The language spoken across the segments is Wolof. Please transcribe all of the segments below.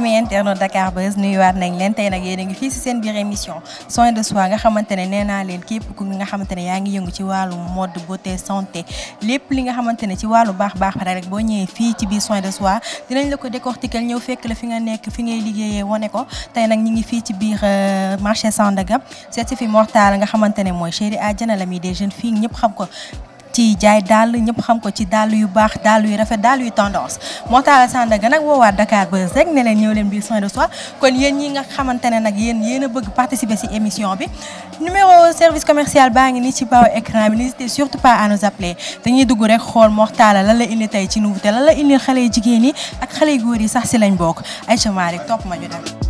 ami internet Dakar Buzz nuyuwaat nañ leen tey nag yéen ngi fii si seen biir émission soin de soi nga xamante ne naa leen képp ku nga xamante yaa ngi yëngu ci wàllu mode beauté santé lépp li nga xamante ne ci wàllu baax baax pare rek boo ñëwee fii ci biir soin de soi dinañ la ko décortiquer ñëw fekk la fi nga nekk fi ngay liggéeyee wone ko tey nag ñi ngi fii ci biir euh, marché Sandaga seet si fi Mortal nga xamante ne mooy chéri àjjana la mi des ñëpp xam ko ci jaay dàll ñëpp xam ko ci dàll yu baax dàll yu rafet dàll yu tendance moo taala Sandaga nag woowaat Dakar Buzz rek ne leen ñëw leen biir Soin de Soi kon yéen ñi nga xamante ne nag yéen yéen a bëgg participer ci émission bi numéro service commercial baa ngi nii ci baaw écran bi n'hésitez surtout pas à nous appeler dañuy dugg rek xool Mortala lan la indi tey ci nouveauté lan la indi xale yi jigéen yi ak xale yu góor yi sax ci lañ bokk Aïcha Mari topp ma ñu dem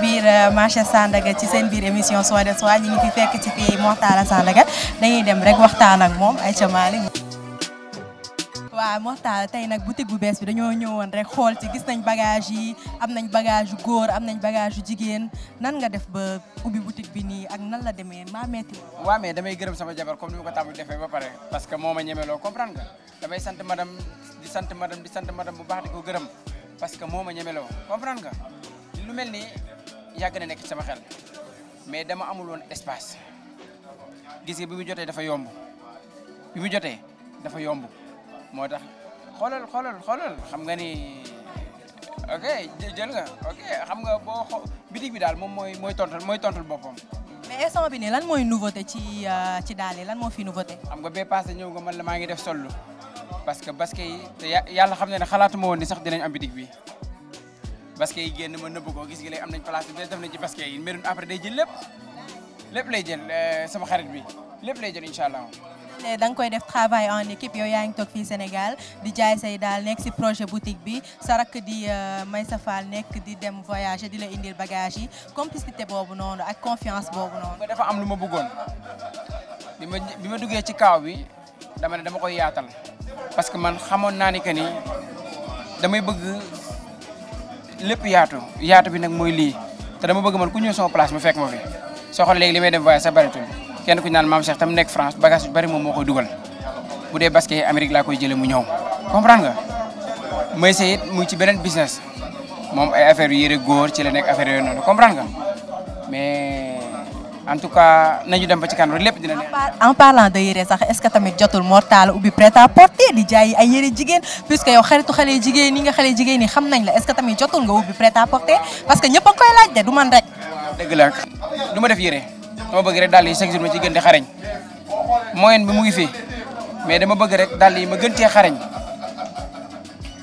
biir euh, marché Sandaga ci seen biir émission soo de Soi ñu ngi fi fekk ci fii Mortalla Sandaga dañuy dem rek waxtaan ak moom ay Aïcha Malick waaw Mortalla tey nag boutique bu bees bi dañoo ñëwoon rek xool ci gis nañ bagage yi am nañ bagage yu góor am nañ bagage yu jigéen nan nga def ba ubbi boutique bi nii ak nan la demee maa metti waaw mais damay gërëm sama jabar comme ni ma ko tàmm defee ba pare parce que moo ma ñemeloo comprendre nga damay sant madame di sant madame di sant madame bu baax di gërëm parce que moo ma ñemeloo yàgg na nekk ci sama xel mais dama amuloon espace gis nga bi mu jotee dafa yomb bi mu jotee dafa yomb moo tax xoolal xoolal xoolal xam nga ni ok jël nga ok xam nga boo xoo daal moom mooy mooy tontul tontul boppam. mais instant bi nii lan mooy nouveauté ci euh, ci daale lan moo fi nouveauté. xam nga bee passé ñëw nga man la maa ngi def sollu parce que basket yi yàlla xam ne ne xalaatuma woon ni sax dinañ am bitig bi. basket yi génn ma nëbb ko gis nga place bi def nañ ci yi mbirun après day jël lépp lépp lay jël euh, sama xarit bi lépp lay jël incha allah te eh, koy def travail en équipe yow yaa ngi toog fii Sénégal di jaay say daal nekk si projet boutique bi sa rakk di euh, Maysa Fall nekk di dem voyager di la indil bagage yi complicité boobu noonu ak confiance boobu noonu ba dafa am lu ma bëggoon bi ma bi ma duggee ci kaaw bi dama ne dama koy yaatal parce que man xamoon naa ni lépp yaatu yaatu bi nag mooy lii te ma bëgg man ku ñëw sama place mu fekk ma fi soo xoolee léegi li may dem voyage sa baritul kenn ku ñu naan maam Cheikh tam nekk France bagage yu bari moom moo koy dugal dee basket Amérique laa koy jëlee mu ñëw comprendre nga may sa it mu ngi ci beneen business moom ay affaire yu yëre góor ci la nekk affaire yooyu noonu comprendre nga mais en tout cas nañu dem ba ci kanam lépp dina leen. en parlant de yére sax est-ce que tamit jotul mortal ubbi prêt à porter di jaay ay yére jigéen puisque yow xaritu xale jigéen ñi nga xale jigéen ñi xam nañ la est-ce que tamit jotul nga ubbi prêt à porter parce que ñëpp a koy laaj de du man rek. waaw la du ma def yére dama bëgg rek daal yi chaque jour ma gën di xarañ moyen bi mu ngi fi mais dama bëgg rek daal yi ma gën cee xarañ.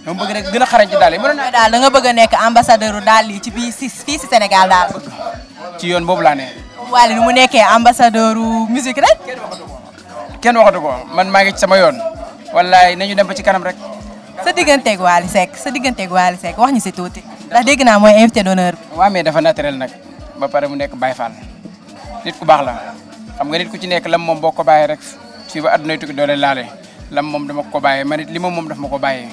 dama bëgg rek gën a xarañ ci daal yi mënoon daal da nga bëgg a nekk ambassadeur daal yi ci biir si fii si Sénégal daal. ci yoon boobu laa Wally nu mu nekkee ambassadeur musique rek. kenn waxatu ko man maa ngi ci sama yoon. wallaay nañu dem ba ci kanam rek. sa digganteeg Wally Seck sa digganteeg Wally Seck wax ñu si tuuti. ndax dégg naa mooy invité d'honneur bi. waaw mais nag ba pare mu nekk Baye Fall nit ku baax la xam nga nit ku ci nekk lam moom boo ko bàyyee rek fii ba addunay tukki doole laale lam moom dama ko bàyyee man it li ma moom daf ma ko bàyyee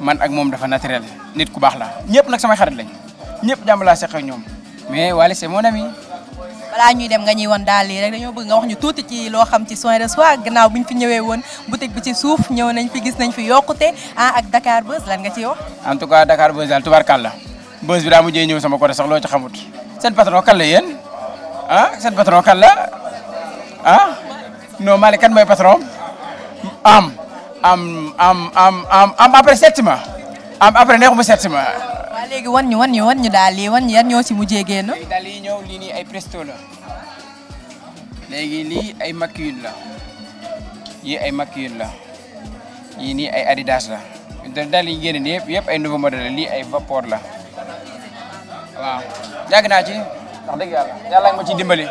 man ak moom dafa naturel nit ku baax la ñëpp nag samay xarit lañ ñëpp jàmm laa seq ñoom mais Wally c'est mon ami balaa ñuy dem nga ñuy wan daal lii rek dañoo bëgg nga wax ñu tuuti ci loo xam ci soin de soi gannaaw fi ñëwee woon boutique bi ci suuf ñëw nañ fi gis nañ fi yokkute ah ak Dakar Buzz lan nga ci wax en tout cas Dakar Buzz daal tubarkàlla buzz bi daa mujjee ñëw sama côté sax loo ci xamut seen patron kan la yéen ah seen patron kan ah non Malick kan mooy patron am am am am am am après septima am après neexuma septima léegi wan ñu wan ñu wan ñu daal lii wan ñu yan lii nii ay presto la léegi lii ay maquille la yii ay maquille la yii nii ay adidas la daal yi génne yëpp yëpp ay nouveau modèle lii ay vapor la waaw yàgg naa ci wax dëgg yàlla yàlla nga ma dimbali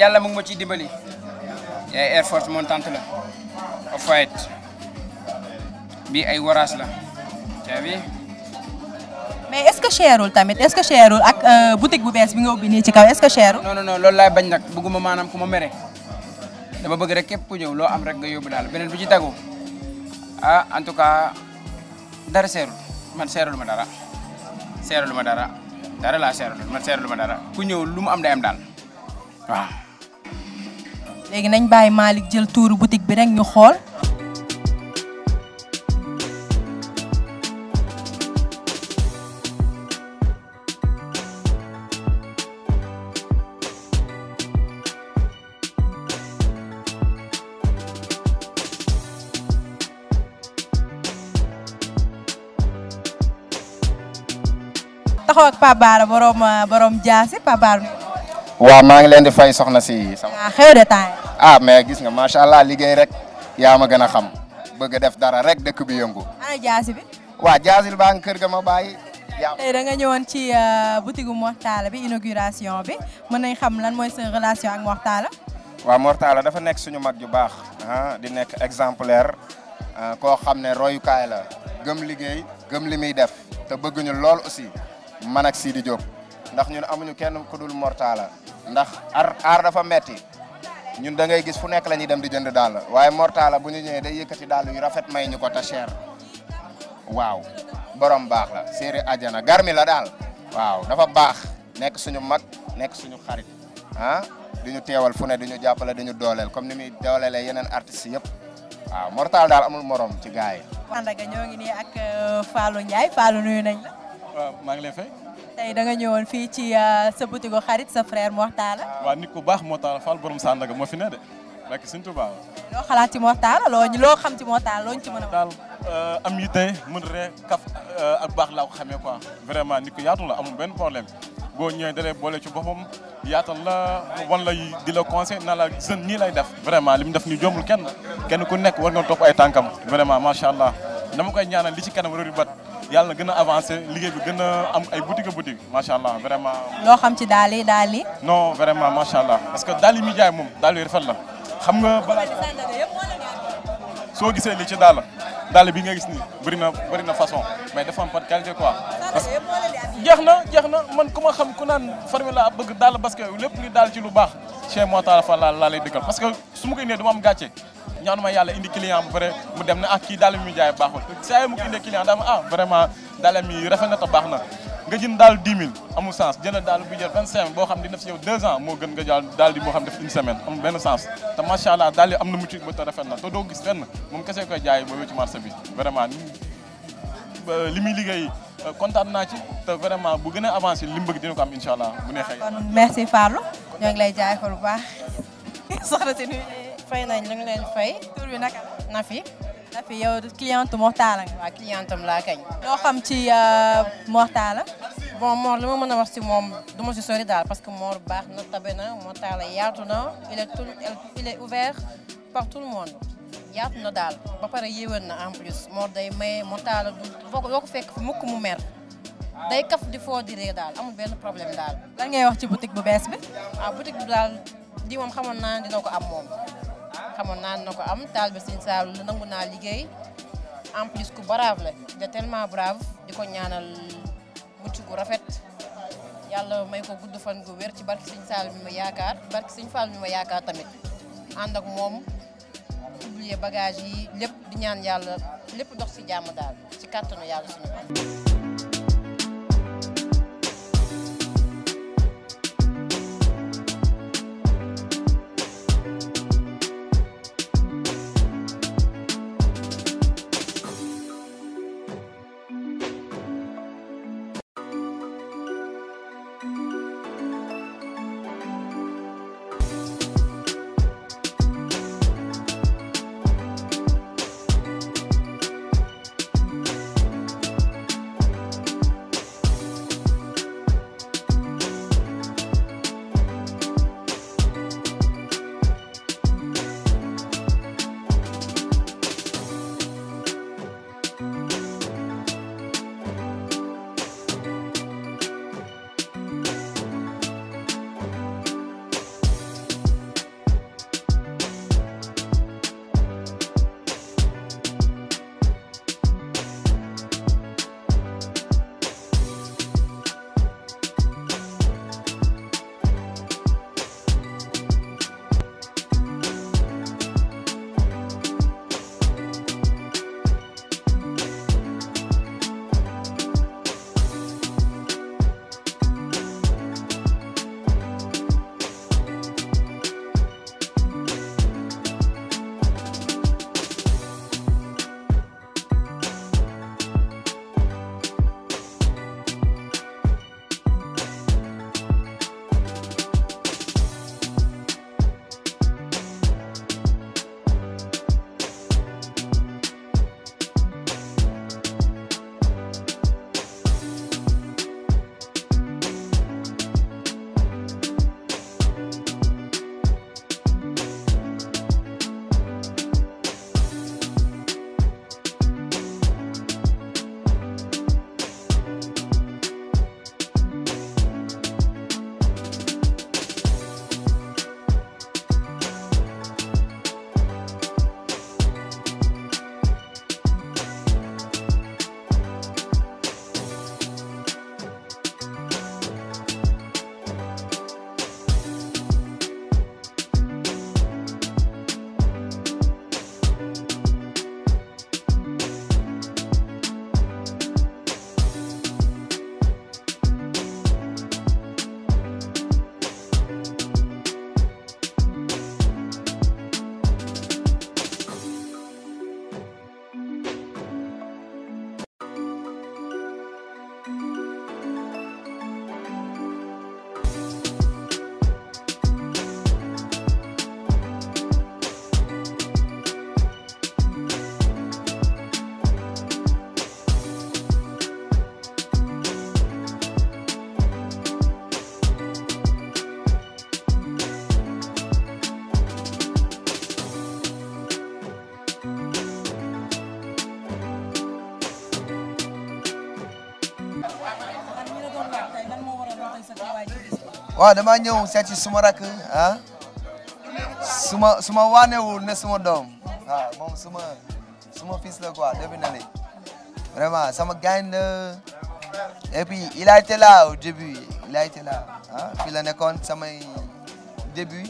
yàlla mu ngi ma ciy dimbali yaay Air Force montante la off-white bi ay waraas la caabi mais est ce que cherul tamit est ce que cherul ak euh, boutique bu bees bi nga ubbi nii ci kaw est ce que cherul. non non non loolu bañ nag bëgguma maanaam ku ma mere dama bëgg rek képp ku ñëw loo am rek nga yóbbu daal beneen bu ci tagu ah en tout cas dara seerul man seerul ma dara seerul ma dara dara laa seerul man seerul ma dara ku ñëw lu mu am day daal waaw. léegi nañ bàyyi Malick jël tuuru boutique bi rek ñu xool. taxaw ak Pape Bara borom euh, borom Diassi Pape Bara. waaw maa ngi leen di fay soxna si. ah xew de temps ah mais gis nga macha allah liggéey rek yaa ma gën a xam bëgg def dara rek dëkk bi yëngu. ana Diassi bi. waa Diassi bi baa ngi kër ga ma bàyyi. tey da nga ñëwoon ci euh, boutique bu Mortala bi inauguration bi mën nañ xam lan mooy sa relation ak Mortala. waa Mortala dafa nekk suñu mag ju baax ah di nekk exemplaire ah, koo xam ne royukaay la gëm liggéey gëm li muy def te ñu lool aussi. man ak Sidi Diop ndax ñun amuñu kenn ku dul Mortala ndax ar aar dafa metti ñun da ngay gis fu nekk la ñuy dem di jënd daal waaye Mortala bu ñu ñëwee day yëkkati daal yu rafet may ñu ko ta cher waaw borom baax la séeri ajana garmi la daal waaw dafa baax nekk suñu mag nekk suñu xarit ah di ñu teewal fu ne di ñu jàppale di ñu dooleel comme ni muy dooleelee yeneen artistes yëpp waaw Mortala daal amul morom ci gars yi. ànd ak ñoo ngi nii euh, waaw maa ngi lay fay. tey da nga ñëwoon fii ci euh, sa boutique xarit sa frère Mor Talla. waaw nit ku baax Mor Talla Fall borom Sandaga moo fi ne de rek Sëñ Tuubaa. loo xalaat ci Mor Talla loo xam ci Mor Talla loo ñu ci mën a. daal euh, am yi tey mën ree kaf euh, ak baax ko xamee quoi vraiment nit ku yaatu la amul benn problème boo ñëwee dalee boole ci boppam yaatal la wan la di la conseil na la jeune nii lay def. vraiment li mu def nii jombul kenn kenn ku nekk war nga topp ay tànkam vraiment macha allah dama koy ñaanal li ci kanam rëdd bat. yàlla na gën a avancé liggéey bi gën a am ay boutique a boutique macha allah vraiment. loo xam ci daal yi daal yi. non allah parce que daal yi muy jaay moom daal yu rafet la xam nga balaa soo gisee li ci daal daal bi nga gis nii bëri na bëri na façon mais dafa am par qualité quoi. parce que jeex na jeex na man ku ma xam ku naan Formule la bëgg daal parce que lépp li daal ci lu baax chez Mawtaala Fall laa lay dëggal parce que su ma koy nee du am gàcce. ñaanuma yàlla indi client bu vrai mu dem ne ah kii daal mi jaay baaxul saa mu ko indee client daa ma ah vraiment daal mi rafet na te baax na nga jën daal 10 000 amul sens jënd daal bu jël 25 boo xam ne dina def si yow 2 ans moo gën nga jàll daal di boo xam def une semaine amul benn sens te macha allah daal am na mucc ba te rafet na te doo gis fenn moom kese koy jaay ba ci marché bi vraiment li muy liggéey kontaan naa ci te vraiment bu gën a avancé li mu bëgg dina ko bu neexee. kon merci Fallou fay nañ ñu ngi leen fay. tur bi naka la Nafi. Nafi yow cliente Mor Talla nga. waaw cliente laa kañ. loo xam ci euh, Mor Talla. bon Mor li mën a wax si moom du si sori daal parce que Mor baax na tabe na Mor Talla yaatu na il est tout il est ouvert par tout le monde. yaatu na daal ba pare yéwén na en plus Mor day maye Mor Talla du boo ko fekk mukk mu mer. day kaf di foo di ree daal amul benn problème daal. lan ngay wax ci boutique bu bees bi. ah boutique bi daal di moom xamoon naa dina ko am moom. xamoon naan na ko am taal bi sëñ Saalu nangu naa liggéey en plus ku brave la de tellement brave di ko ñaanal mucc ku rafet yàlla may ko gudd fan gu wér ci barki sëñ Saalu mi ma yaakaar barki sëñ Fall mi ma yaakaar tamit ànd ak moom oublier bagage yi lépp di ñaan yàlla lépp dox si jàmm daal ci kàttanu yàlla suñu waaw damaa ñëw seet si suma rakk ah suma suma waanewul ne suma doom waaw moom suma suma fils la quoi definitely vraiment sama gain la et puis il a été là début il a été là ah fii la nekkoon samay début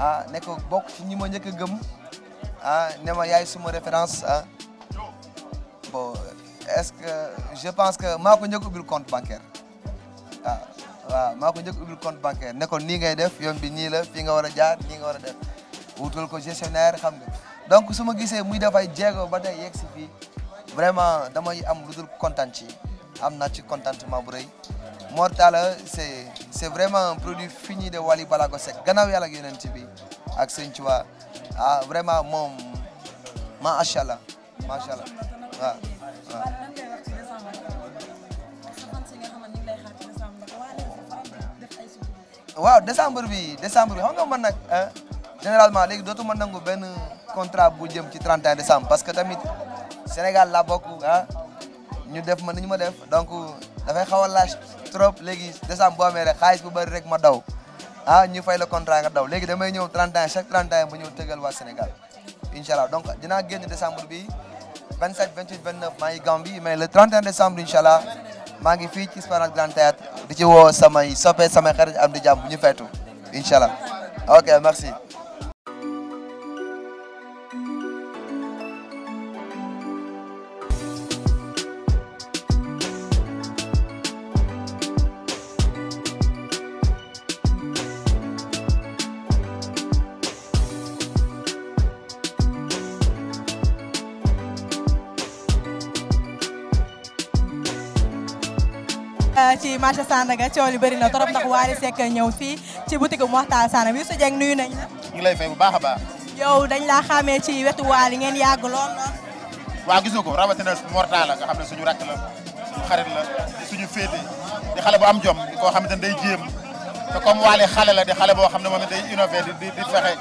ah nekk bokk ci ñi ma njëkk a ah. ma suma référence ah bon est-ce que je pense que maa ko njëkk ubbil compte bancaire ah. waaw maa ko njëkk ubbil compte bancaire ne ko nii ngay def yoon bi ñii la fii nga war a jaar nii nga war a def wutal ko gestionnaire xam nga donc su ma gisee muy dafay jéego ba tey yegg si fii vraiment damay am lu dul ci am naa ci ma bu rëy Mor Talla c'est c'est produit un produit fini de Wally Balago Seck gannaaw yàlla ak yeneen ci bi ak Sëñ Tuubaa ah vraiment moom macha allah macha allah waaw waaw waaw décembre bi décembre bi xam man nag généralement léegi dootuma nangu benn contrat bu jëm ci 31 décembre parce que tamit Sénégal laa bokk ah ñu def ma ni ñu ma def donc dafay xaw a laaj trop léegi décembre boo amee rek xaalis bu bëri rek ma daw ah ñu fay la contrat nga daw léegi damay ñëw 31 chaque 31 ba ñëw tëgal waa Sénégal incha allah donc dinaa génn décembre bi 27 28 29 maa ngi Gambie mais le 31 décembre incha allah maa ngi fii ci Esplanade Grand Théâtre di ci woo samay soppe samay xarit am di jàmm bu ñu feetu incha allah ok merci fii marché Sandaga coow li bëri na trop ndax sekk Seck ñëw fii ci boutique bu Mokhtar Sanam Youssou Dieng nuyu nañ la. ñu ngi lay fay bu baax a baax. yow dañ laa xamee ci wetu Wally ngeen yàgg lool lool. waaw gis nga ko rawatina Mortala nga xam ne suñu rakk la suñu xarit la suñu féete di xale bu am jom di koo xamante ne day jéem te comme Wally xale la di xale boo xam ne moom day innové di di di fexe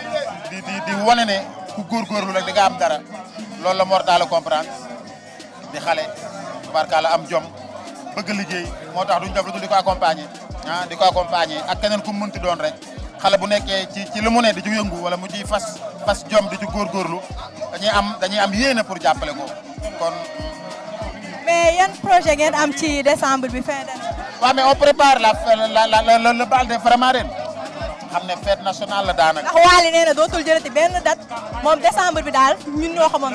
di di di wane ne ku góorgóorlu rek di nga am dara loolu la Mortala comprendre di xale tubaarkaala am jom. bëgg liggéey moo tax duñ def lu dul di ko accompagner ah ak keneen ku mu doon rek xale bu nekkee ci ci li mu ne di ci yëngu wala mu ciy fas fas jom di ci góorgóorlu dañuy am dañuy pour jàppale ko kon. mais yan projet ngeen am ci décembre bi fin d'année. waaw mais on prépare la la la la le bal de Faramareen xam ne fête nationale la daanaka. ndax Waly nee na dootul jëlati benn date moom décembre bi daal ñun ñoo ko moom.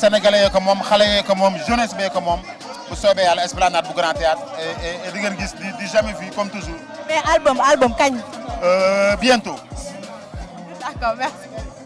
Sénégalais yi ko moom xale yee ko moom jeunesse bee ko moom. bu soobee yàlla esplanade bu grand théâtre et di ngeen gis di di jamais vu comme toujours. mais album album kañ. Euh, bientôt. d'accord merci.